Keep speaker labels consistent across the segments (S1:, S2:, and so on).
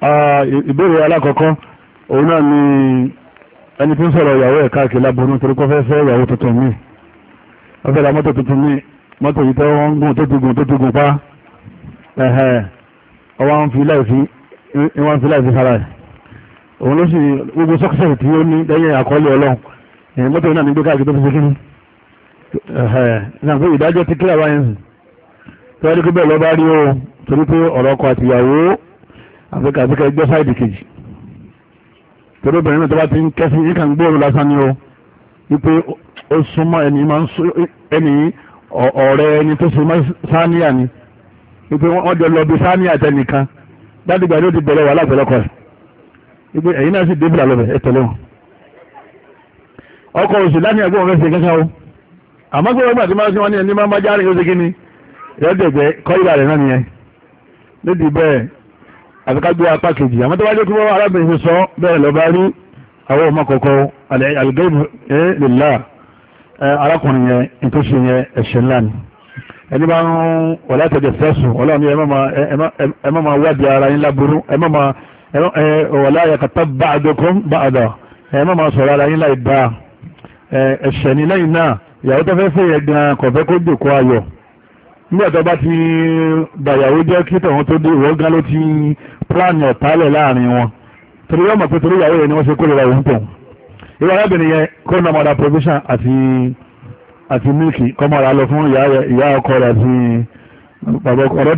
S1: Ah, ìbéèrè alákọ̀ọ́kọ́ òun náà ni ẹni tí ń sọ̀rọ̀ ìyàwó ẹ̀ káàkiri láboyún torí kọ́ fẹ́ fẹ́ ìyàwó tuntun mi wọ́n fẹ́ ra mọ́tò tuntun mi mọ́tò yìí tẹ́ wọ́n ń gùn tó ti gùn tó ti gùn pa ẹ̀hẹ̀ ọwọ́ ń fi láìfi ìwọ́n ń fi láìfi sára ẹ̀ òun ló sì gbogbo sọ́kẹ́sẹ̀ tí ó ní lẹ́yìn àkọọ́lẹ̀ ọlọ́run ẹ̀yìn mọ́tò náà ní gbé káàkiri tó fi ṣe kí ni ẹ̀hẹ̀ ìyàgbé ìdájọ́ ti kílà báyìí tọ́wọ́ àbíkà àbíkà ẹgbẹ́ sáìdì kejì torí obìnrin náà tó bá ti ń kẹ́sí yíká ń gbóòrò lásán ni o wípé ó súnmọ́ ẹni máa ń sún ẹni ọ̀rẹ́ ẹni tó súnmọ́ sáníà ni wípé wọ́n jọ lọ bí sáníà tẹnìkan dádìgbà ló ti bẹ̀rẹ̀ wà lápẹ̀lọ́kọ̀ ẹ̀ wípé ẹ̀yin náà sì débìlà lọ́bẹ̀ ẹ tẹ̀lé wọn. ọkọ òsì láti ẹgbẹ́ wọn fẹ́ ṣe kẹ́kẹ́ o àmọ́ pé ọgbà tí máa ṣe wọn ní ẹni máa bá járe ó ṣe kí ni ìrẹ́dẹ̀gbẹ́ àti ká gbé apá kejì àmọ́ tó bá jẹ́ kí wọ́n arábìnrin fi sọ bẹ́ẹ̀ lọ bá rí àwọn ọmọ kọ̀ọ̀kọ́ àlùgẹ́bù ẹ̀ lèlá arákùnrin yẹn ìtòsí yẹn ẹ̀ṣẹ̀ ńlá ni ẹni bá ń wọ̀lá tẹ̀jẹ̀ sẹ́sùn ọlọ́run ẹ má máa wádìí ara yín láburú ẹ má máa wọ̀lá yàkàtà bá àdókòm bá àdà ẹ máa sọ̀rọ̀ ara yín láì dáa ẹ̀ṣẹ̀ ni lẹ́yìn náà ìyàwó tó fẹ́ fẹ́ yẹn gan kọ̀ọ̀fẹ́ kó dòkó ayọ̀ nígbàtọ́ bá ti bàyàwó jẹ́ kí tọ̀hún tó dé ìwọ́ gan ló ti pílánì ọ̀tálẹ̀ láàrin wọn torí yọ́ mọ̀ pé torí ìyàwó yẹn ni wọ́n ṣe kórìíra òun tọ̀ ìwọ arábìnrin yẹn kó ní ọmọdà provision àti àti mílìkì kọ́mọ̀ra lọ fún ìyá ọkọ rẹ̀ àti bàbá ọkọ rẹ̀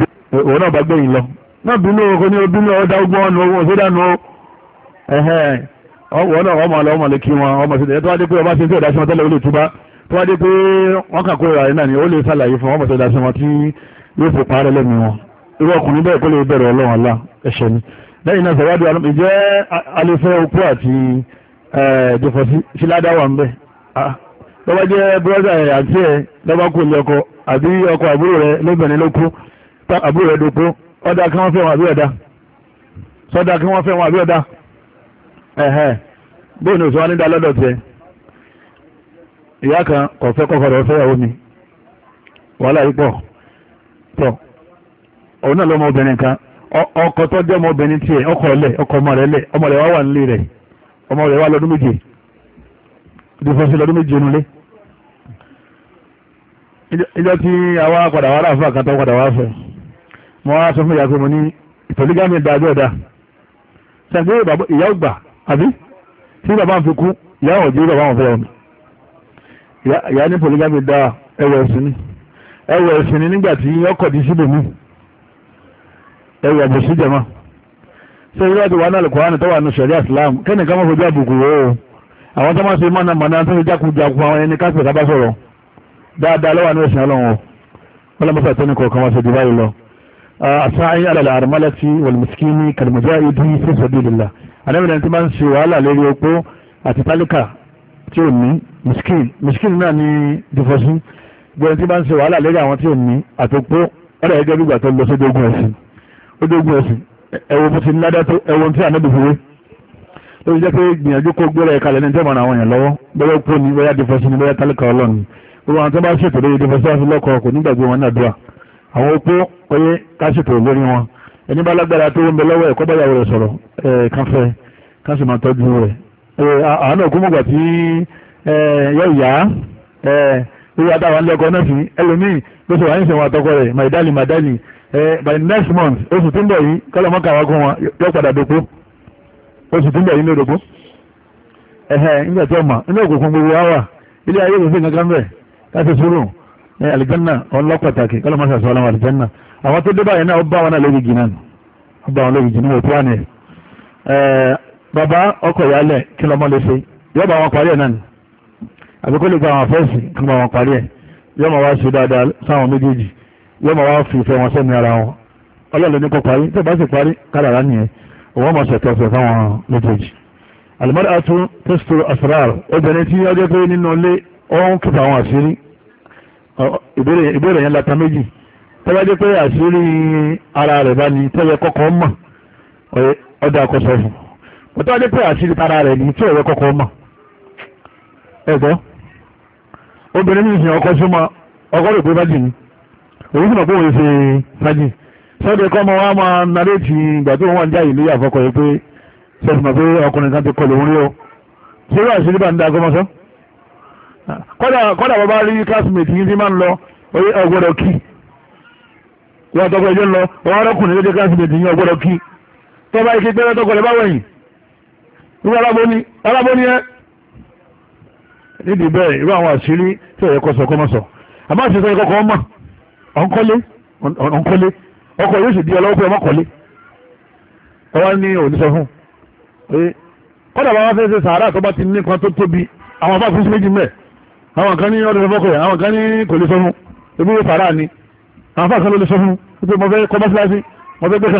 S1: òun náà bá gbẹ̀yìn lọ náà bínú oko ní obínú ọ̀dà ọgbọ́n ọ̀nà owó òṣèdánù ọ̀wọ́ náà ọmọ àlọ́ ọmọ lè kí wọn ọmọ sí tó wá dé pé wọ́n kà kórìíra rẹ̀ náà ni ó lè ṣàlàyé fún wọn bọ̀ sọ́dá sí wọn tí yóò fi parẹ́ lẹ́nu wọn irú ọkùnrin bẹ́ẹ̀ kó lè bẹ̀rẹ̀ ọlọ́run ọlá ẹ̀ṣẹ̀ ni lẹ́yìn náà sọ̀rọ̀ àdúrà ìjẹ́ alẹ́fẹ́ okú àti jọfọ̀ sí ládàwà ń bẹ̀ lọ́wọ́ jẹ́ bírọ́dà ẹ̀ àti ẹ̀ lọ́wọ́ kò lè ọkọ àbí ọkọ àbúrò rẹ̀ lóbìnrin ló kú àbúrò rẹ̀ dòkó ọ̀dà kí wọ́n fẹ́ wọn àbí ọ̀dà sọ́dà kí wọ́n fẹ́ wọn àbí ọ̀dà ẹ̀hẹ́ bóyá ní oṣù wa lọ́dọ̀ tiẹ̀ ìyá kan kọ̀fẹ́ kọ́kọ́ rẹ̀ fẹ́yàwó mi wàhálà yìí pọ̀ tọ̀ òun náà lọ́mọ obìnrin kan ọkọ tó dé ọmọ obìnrin tiẹ̀ ọkọ lẹ̀ ọkọ ọmọ rẹ̀ lẹ̀ ọmọ rẹ̀ wá wà nílé rẹ̀ ọmọ rẹ̀ wá lọ́dún méje dìfọ́sí lọ́dún méje nulẹ̀ ìjọ tí àwa padà wá láàfin àkàtà padà wá fẹ́ mo wá sọ fún ìyá pé mo ní ìpolígámì dájú ọ̀dà ṣàǹkì ìyá ògbà àbí tí bàbá ń fi kú ìyá òjì bàbá wọn fẹ́ ọ̀nà Ya, ní polygamy da ẹwọ ẹ̀sìn ni ẹwọ ẹ̀sìn ni nígbà tí ọkọ̀ di síbò mú ẹwọ àbòsí jẹ̀mọ́ ṣé ìwé àti wàhálà Al-Qur'an tó wà ní sẹ̀rí Islam kẹ́ni ká má fojú àbùkù wò ó àwọn tó máa ṣe mọ́nà mọ́nà tó fi jákujàku àwọn ẹni káṣẹ̀ ká bá sọ̀rọ̀ dáadáa lọ́wọ́ ní ẹ̀sìn ọlọ́run ọlọ́mọ́sà tó ní kọ̀ọ̀kan wá ṣe dùbá yìí lọ asáyé alàlà àrùmálẹ́tì wọ̀lùmùsíkì ní kàlùmọ́já ìdí sí sabilillah àdébìnrin tí ò ní miskin miskin náà ní dìfọ́sí gbọ́dọ̀ tí bá ń ṣe wàhálà lórí àwọn tí ò ní àtòpó ọ̀rẹ́ ẹgbẹ́ gbígbà tó lọ sójú ogun ẹ̀sìn ojú ogun ẹ̀sìn ẹ̀wọ̀ bó ti ládá tó ẹ̀wọ̀ tí ànábì fúwé ló jẹ́ pé gbìyànjú kó gbéra ẹ̀ka lẹ́ni tẹ́ mọ̀nà àwọn èèyàn lọ́wọ́ bóyá pò ní bóyá dìfọ́sí ní bóyá tálíkà ọlọ́ni gbogbo àwọn tó bá ṣètò lórí dìfọ́sí àfi lọ́kọ̀ kò nígbàgbé wọn náà dùà àwọn opó oyé ká ṣètò lórí wọn ẹni bá lágbára tó ń bẹ lọ́wọ́ ẹ̀kọ́ báyàwó rẹ̀ sọ̀rọ̀ ẹ̀ kan àwọn ògúnmọ̀gbà tí yóò yá wíwá dáwà ń lẹ́kọ̀ọ́ náà sí ẹlòmíì ló sọ wà ní ìṣẹ̀wọ̀n àtọ́kọ rẹ̀ maidali maidali by next month oṣù tí ń bọ̀ yìí kọ́lọ̀ mọ́ kàwá gún wọn yóò padà dòpó oṣù tí ń bọ̀ yìí ló dòpó ẹ̀hẹ̀ nígbà tí ọmọ inú òkùnkùn gbogbo wa wà ilé ayé kò sí kankan bẹ̀ láti sùúrù alìjẹ́nà ọlọ́ pàtàkì kọ́lọ̀ mọ́ sàṣọ ọlọ́wọ́ alìjẹ́nà àwọn tó débà yẹn náà ó bá wọn náà lórí jìnnà ó bá wọn lórí jìnnà òtú bàbá ọkọ̀ ìyálẹ̀ kí lọ́mọ lè ṣe yóò bá wọn parí ẹ̀ náà ni àbí kó lè gba àwọn afẹ́sì kí bá wọn parí ẹ̀ yóò máa wá ṣe dáadáa sáwọn méjèèjì yóò máa wá fi ìfẹ́ wọn sẹ́mi ara wọn ọlọ́ọ̀lẹ́ ní kò parí tó bá sì parí kádàrá nìyẹn òun máa ṣẹ̀kẹ̀fẹ̀ fáwọn méjèèjì àlùmọ́dé atú tẹ́sítò àsàràr obìnrin tí ọjọ́ pé nínú ilé ọ̀hún kìtà àwọn àṣírí ìbéèrè yẹn lata méjì tó mo tọ́ ní pé àṣírí tara rẹ̀ ní tí ọ̀rẹ́ kọ́kọ́ mọ̀ ẹ̀gbọ́n obìnrin ní ìsìn ọkọ súnmọ́ ọkọ rẹ̀ pé fájì ni òun sì mọ̀ pé òun ṣe fájì sọ́dọ̀ kọ́ ọmọ wa máa naréètì ìgbà tó wọ́n jáì lóyè àfọkọ yìí pé sọ́dọ̀ mọ̀ pé ọkùnrin kan ti kọlù òun rí o ṣé wàá ṣe nígbà ń da agọ́mọ́sọ́ kọ́dà bàbá rí classmate yìí ti máa ń lọ ọgbọ́dọ̀ kí wọ́n tọ́kọ ẹjọ́ lọ ọ̀rọ̀ ọkùnrin lóde classmate yìí ọgbọ́dọ̀ kí tọ́ba ike tẹ́lẹ̀ tọ́kọ lẹ́ bá wẹ̀yìn ní alábóní alábóní ẹ nídìí bẹ́ẹ̀ irú àwọn àṣírí tí ẹ̀yẹ kọ́ sọ kọ́ mọ́ sọ àmọ́ àṣírí sọ́yẹ kọ́kọ́ mọ̀ ọ̀nkọ́lé ọ̀nkọ́lé ọkọ̀ yóò sì di ọlọ́wọ́ pé ọmọkọ̀lé ọwọ́ ní òní sọ fún pé kọ́dà bá wá fẹ́ ṣe sàárà tó bá ti ní nǹkan tó tóbi àwọn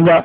S1: bá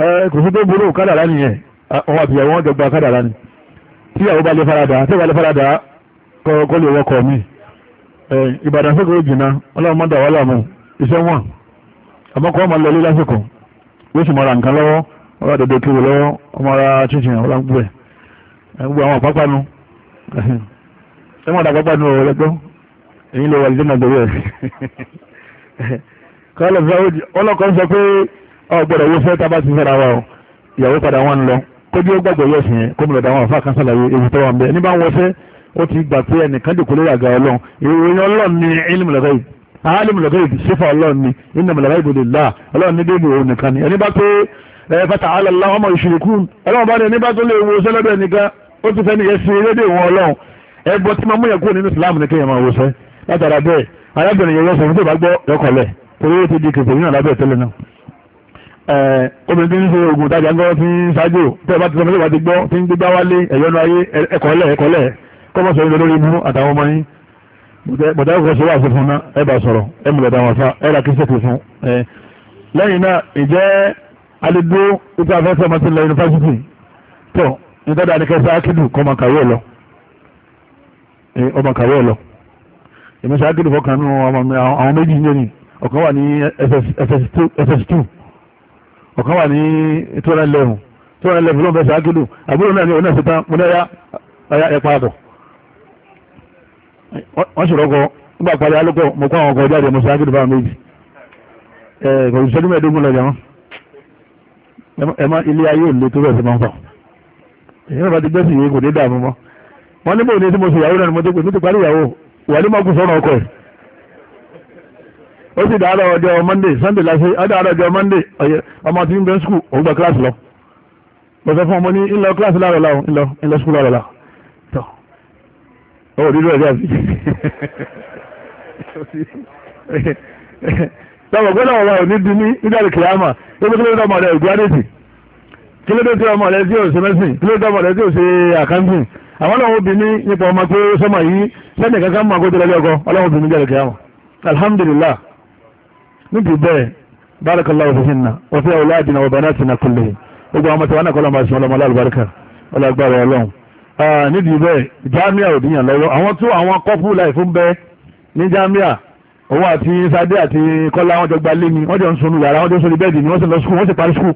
S1: kò sí tó burú kádàrá nìyẹn àwọn àtìyàwó wọn dọ́gba kádàrá ni tí àwọn bá lè farada tí àwọn bá lè farada kọ́ lè wọ́kọ̀ mi ìbàdàn sókè ó jìnnà ọlọ́run mọ́dà wà láàmú iṣẹ́ wọn àmọ́ kọ́ ọmọ lọ lé lásìkò yóò sì mọ̀ra nǹkan lọ́wọ́ ọlọ́run dòdò kiri lọ́wọ́ ọmọ ara chinchin ọlọ́run gbogbo ẹ̀ gbogbo àwọn pápánu ẹ mọ̀dà pápánu ọ̀rọ̀ lẹ́gbọ́n èyí lè wà lẹ́nà lórí ẹ̀ ọgbọ́dọ̀ wo fẹ́ tábà ti fẹ́ra wa o ìyàwó padà wọn lọ kójú ó gbàgbọ́ yẹ̀sìn yẹn kó mìlọ̀dà wọn àfáà kan sàlàyé ewu tó wà ń bẹ ní bá wọn fẹ́ ó ti gbà pé ẹnìkan dìkú lórí àga ọlọ́run ìròyìn ọlọ́run ní ilmùlọ́gọ́ yìí àálùmùlọ́gọ́ yìí sífà ọlọ́run ní ìnàmùlọ́gọ́ yìí bòlè là ọlọ́run ní déédéé òun nìkan ni ẹni bá pé ẹ fata alàlá ọmọ ìṣirikú ọlọ́run bá ní ẹni bá tó lè wo sẹ́lẹ́bẹ̀ nìkan ó ti fẹ́ nìyẹn sí rédíò wọn ọlọ́run ẹgbọ́ tí mamú yẹn kúrò nínú Islam ní kéèyàn máa wo sẹ́ látara bẹ́ẹ̀ arábìnrin yẹn yọ sọ fún tó bá gbọ́ yọkọ̀lẹ̀ torí ó ti di kìtìrì náà lábẹ́ tẹ́lẹ̀ náà obìnrin tí ń ṣe oògùn ìtajà ńgọ́ tí ń ṣáájò tẹ́ bá ti sọ mẹ́lẹ́wà ti gbọ́ tí ń gbégbá wálé ẹ̀yọ́nú ayé ẹ̀kọ́lẹ̀ ẹ̀kọ́lẹ̀ kọ́mọ̀ sọ lórí imú àtàwọn ọmọ yín bọ̀dá ọkọ̀ ṣe wà sí fún náà ẹ bá sọ̀rọ̀ ẹ mú bàtà wọn fa ẹ ra kí sẹ́kì fún ẹ. lẹ́yìn náà ìjẹ́ alẹ́dó ipa afẹ́fẹ́ ọmọ ti lọ yunifásitì tó nítorí àdìkẹ́sẹ́ akídù kọ́ ọmọ kàwé lọ ọmọ kàwé lọ èmi sọ akídù fọkàn nù àwọn méjì yẹn ni ọ̀kan wà ní ss2 ọ̀kan wà ní two hundred eleven two hundred eleven ló náà ni òun náà tán mo ní ẹ̀yà wọ́n ṣòro ọkọ̀ nígbà parí alókọ̀ mo kọ́ àwọn ọkọ̀ jáde mo ṣe ágílù báwọn méjì mẹ́ẹ̀ẹ́dógún lọ jẹun ẹ ilé ayé òle tó sí máa ń fà bá ti yìí kò dààmú mọ́ wọ́n ní ó sì dàárọ̀ ọjọ́ monday sunday láti ó dàárọ̀ ọjọ́ monday ọmọ tí ń bẹ skul òun gba kíláàsì lọ mo sọ fún ọmọ ní ńlọ kíláàsì láàrọ̀ láwọn ńlọ ńlọ skul láàrọ̀ láwọn tọ́ ó rí rẹ̀ jáde lọ́wọ́ gbọ́dọ̀ wà ní di ní nígbàdì kìláàmà tó bí kílódé ọmọ rẹ̀ ìgbádẹ́sì kílódé tí ọmọ rẹ̀ tí ò ṣe mẹ́sìn kílódé ọmọ rẹ̀ tí ò ṣe àkántìn àwọn ọlọ́run obìnrin nípa ọmọ pé sọ́mọ yìí sẹ́ni kankan mọ̀ kó tó lọ́lẹ́ ọkọ ọlọ́run obìnrin jáde kìláàmà alhamdulillah níbi bẹ́ẹ̀ barakallahu fihinna wa fi awladina wa banatina kullihim gbogbo àwọn ọmọọtí wa náà kọ́lọ́mọ àti ọlọmọ aláàlùbáríkà ọlọ́gbàrá ọlọ́run níbi bẹ́ẹ̀ jamiu òdìyàn lọ́wọ́ àwọn tó àwọn kọ́pù láì fún bẹ́ẹ̀ ní jamiu òun àti sadé àti kọ́lá wọn jọ gba lé ni wọ́n jọ ń sunu yàrá wọ́n jọ ń sunu bẹ́ẹ̀dì ni wọ́n sì lọ sukùl wọ́n sì parí sukùl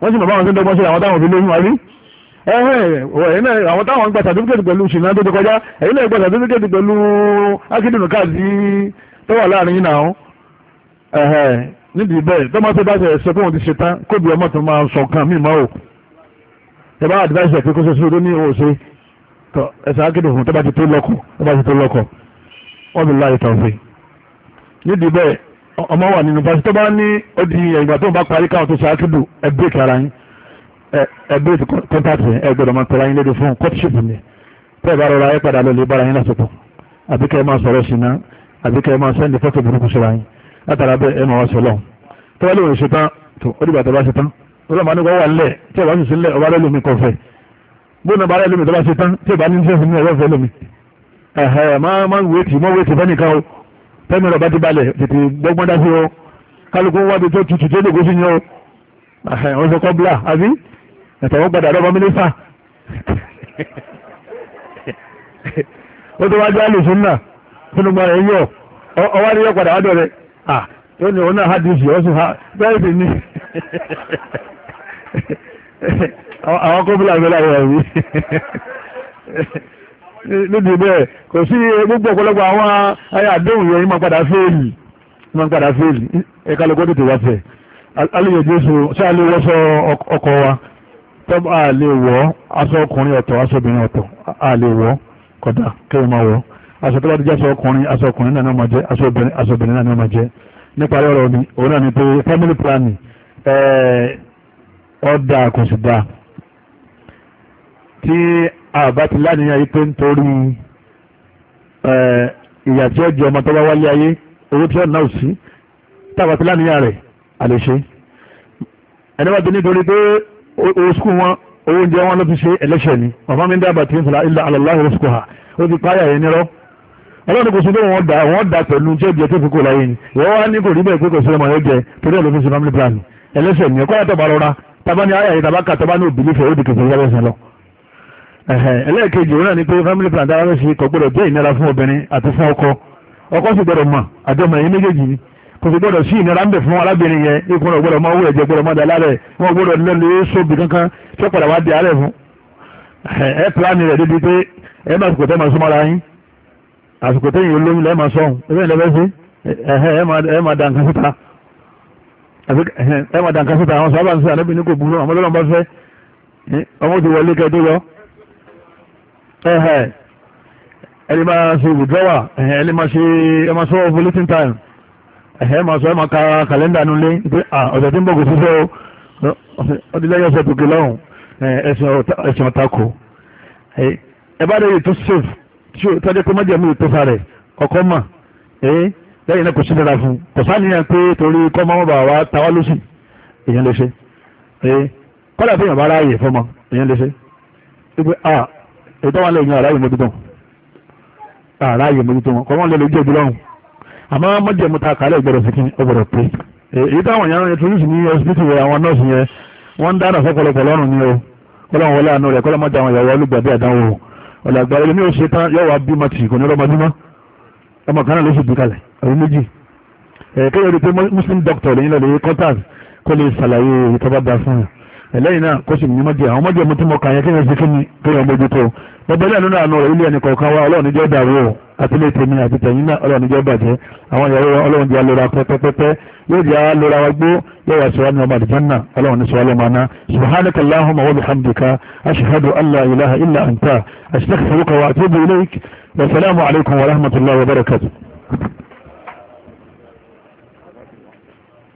S1: wọ́n sì mọ̀ báwọn tó ń dọ́gbọ́n sí àwọn táwọn òfin lóyún àrí ẹ̀hìn àwọn táwọn ń gba sàtífíkẹ́tì pẹ̀lú ṣìnà tó ti kọjá ẹ̀yìn náà gba sàtífíkẹ́tì pẹ̀lú akíndùnú káàdì tó wà láàrin yìí náà nídìí bẹ́ẹ̀ tọ́mọ tó bá ṣe ẹ̀sẹ̀ fún òun ti ṣe tán kóbi ọmọ tó máa sọ kan mí máa ò ẹ bá advice ẹ̀ pé kó ṣe sódó ní òṣè tọ ẹ̀sẹ̀ akéde fún tọ́ba ti tó lọ́kọ̀ tọ́ba ti tó lọ́kọ̀ wọ́n ti láyé tàn fún nídìí bẹ́ẹ̀ ọmọ wà nínú pàṣẹ tọ́ba ní ó di ìgbà tó ń bá parí káwọn tó ṣe akéde ẹ bírèkì ara yín ẹ bírèkì contact ẹ gbọdọ̀ máa tẹ̀lé ayín lédè fún courtship ni tẹ́ ẹ bá rọra ẹ padà lọ lè bára yín lásìkò àbíkẹ́ máa sọ̀rọ̀ ṣìnà àbíkẹ́ máa sẹ́ndì fọ́tò burúkú síra yín látara bẹ́ẹ̀ ẹ máa wá sọlọ́n tó wá lóun ṣetán tó ó dìgbà tó bá ṣetán ọlọ́mọ anúkọ wà nílẹ̀ tí ọba sì sílẹ̀ ọba rẹ̀ lómi kọfẹ́ bóun ọba rẹ̀ lómi tó bá ṣetán tí ọba ní ní sẹ́fún ní ọ̀rẹ́ fẹ́ lómi ẹ̀hẹ́ máa máa wéètì mọ́ wéètì fẹ́ nìkan o tẹ́mi ọba ti balẹ̀ tètè gbọ́gbọ́n dá sí o kálukú wábi tó tutù tó lè gosi ni o ẹ̀hẹ́ ọ̀sẹ̀ kọ́bílà àbí ẹ̀tọ́ wọn gbàdá ọba mínísà ó tó wájú àlùsùn náà fúnnumọ̀ ẹ̀yọ ọwọ́ ah ó ní ọ̀nà ha bẹ́ẹ̀ ní àwọn kóbílà ń bẹ láwọn ẹ̀rí bẹ́ẹ̀ kò sí gbogbo ọ̀pọ̀lọpọ̀ àwọn ayé àdéhùn yẹn máa padà fẹ́ẹ̀lì máa padà fẹ́ẹ̀lì ẹ̀ka lóko tètè wá fẹ́ alóye jésù ṣé a lè ọkọ wa tọ́ a lè aṣọ ọkùnrin ọ̀tọ̀ aṣọ obìnrin ọ̀tọ̀ a lè máa aṣọ tó bá ti jẹ́ aṣọ ọkùnrin aṣọ ọkùnrin náà ni wọ́n máa jẹ́ aṣọ obìnrin aṣọ obìnrin náà ni wọ́n máa jẹ́ nípa ọ̀rọ̀ mi òun náà ni pé family planning ọ̀dà kò sì dáa tí àbá ti láníyàn yìí pé nítorí ìyà tí ó jẹ ọmọ tó bá wálé ayé owó tí ó náà sí tábà ti láníyàn rẹ̀ àlèṣe ẹni wá ti nítorí pé owó sukùn wọn owó oúnjẹ wọn ló fi ṣe ẹlẹ́ṣẹ̀ ni ọ̀fọ́n mi ń dábàá tí ń fìlà ilà àlọ́láhùn rẹ̀ sukùn ó ti pààyà yẹn nírọ́ ọlọ́run kò sí pé wọ́n da wọ́n da pẹ̀lú tí ó jẹ tó fi kó láyé ni ìwọ́n wá ní kò rí bẹ́ẹ̀ pé kò sí ọmọ yóò jẹ torí ẹ̀ ló fi ṣe family plan ẹlẹ́sẹ̀ ni ẹ̀kọ́ yàtọ̀ bá rọra tábà ní ayàyè tábà kà tábà ní òbílẹ̀ fẹ́ ó di kẹfẹ́ yàtọ̀ sẹ́lọ. ẹlẹ́ẹ̀kejì òun náà ni pé family plan tábà ṣe kò gbọ́dọ̀ jẹ́ ìnira fún obìnrin àti fún ọkọ ọkọ sì gbọ́dọ̀ mọ̀ àjọmọ̀ ẹ̀yìn méjèèjì ni kò sì gbọ́dọ̀ sí ìnira ń bẹ fún arábìnrin yẹn ikú rẹ̀ gbọ́dọ̀ máa wú ẹ̀jẹ̀ gbọ́dọ̀ máa dàlá rẹ̀ wọ́n gbọ́dọ̀ lẹ́nu sóbì kankan tí ó padà wá di àárẹ̀ fún ẹ̀ pílánì rẹ̀ débi pé ẹ máa kò tẹ́ máa súnmọ́ra yín àsìkò tẹ́yìn olóyún lẹ́ẹ̀mà sọ́hun ẹgbẹ́ ìlẹ́fẹ́ sí ẹ̀ẹ́mà dànkà síta ẹ̀ẹ́mà dànkà síta àwọn sábà ń sẹ́ ànábì ní kò burú àwọn ọlọ́run bá fẹ́ ọmọ ti wọlé kẹ́ tó lọ ẹ̀ẹ́ ẹni máa ṣe wùdọ́wà ẹni máa ṣe ẹmà sọ bulletin time ẹ̀ẹ́mà sọ ẹmà ka kàlẹ́ndà nulẹ̀ pé ọ̀sẹ̀ tí ń bọ̀ kò síṣẹ́ o ọdílẹ́yìn ọ̀sẹ̀ tòkè lọ́hùn ẹ̀sìn ọ̀tàkù ẹ bá dẹ̀ yìí tó safe tí ó tọ́jú pé mọ́jẹ̀mú ìtòfà rẹ̀ ọkọ́ mọ̀ ẹ́ lẹ́yìn náà kò sí dára fún kò sáníyàn pé torí kọ́ mọ́ bá wa tawá lóṣù èèyàn lè ṣe ẹ́ kọ́dà fún ìyàmbá ráàyè fọmọ èèyàn lè ṣe wípé a ètò wọn lè yan àráyè mójútó àráyè mójútó wọn kọ́ wọn lè lè jẹ́ ìdúrà wọn àmọ́ mọ́jẹ̀mú ta kàálẹ̀ ìgbọ̀dọ̀ sí kí ọgbọ̀dọ̀ pé èyí táwọn yàrá yẹn rẹ̀ àwọn nọ́ọ̀sì yẹn ní o kọ́lọ́wọ́n wọlé àánú rẹ̀ kọ́lọ́mọ́jà àwọn ìyàwó olùgbàdì ọ̀làgbà ẹni ní òṣè tán yọ̀wà bímọ tì kò ní ọlọ́mọ bímọ ọmọ kan náà ló sì bí kalẹ̀ àwọn méjì ẹ̀ẹ́dẹ́gbẹ́ yóò di pé muslim doctor lẹ́yìn lọ́dẹ̀ contact kó lè ṣàlàyé ìtọ́ba da fún ẹ̀ lẹ́yìn náà kó sì ní mọ́jẹ àwọn mọ́jẹ mo ti mọ kàn yẹn kí ni ṣe kí ni kí ni ọmọ ojú tó bọ́bẹ́lẹ́ nínú àná ilé ẹnì kọ̀ọ̀kan wa ọlọ́run níjọ́ dàrú o àtìlẹ́ tèmi àti tẹ̀yìn náà ọlọ́run jẹ́ bàjẹ́ àwọn ìyàwó ọlọ́run jẹ́ alóra pẹ́pẹ́pẹ́ yóò jẹ́ alóra wa gbó yóò wá sọ wọn ọmọ àdìjánná ọlọ́run ní sọ ọlọ́run àná subhanaka allahumma wa bihamdika ashhadu an la ilaha illa anta astaghfiruka wa atubu ilayk wa salaamu alaykum wa rahmatullahi wa barakatuh